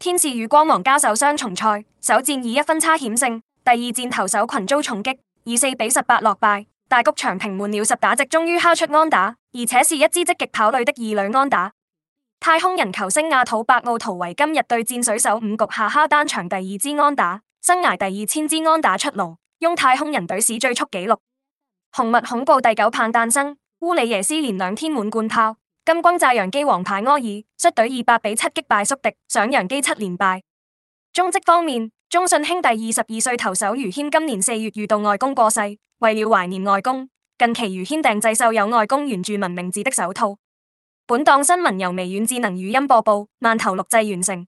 天使與光芒交手雙重賽，首戰以一分差險勝，第二戰投手群遭重擊，以四比十八落敗。大谷翔平悶了十打席，終於敲出安打，而且是一支積極跑壘的二壘安打。太空人球星亞土百奧圖為今日對戰水手五局下敲單場第二支安打，生涯第二千支安打出爐，擁太空人隊史最速紀錄。紅襪恐怖第九棒誕生，烏里耶斯連兩天滿貫炮。金光炸洋基王牌柯爾率隊二百比七擊敗宿敵，上洋基七連敗。中職方面，中信兄弟二十二歲投手余謙今年四月遇到外公過世，為了懷念外公，近期余謙訂製繡有外公原住文名字的手套。本檔新聞由微軟智能語音播報，慢頭錄製完成。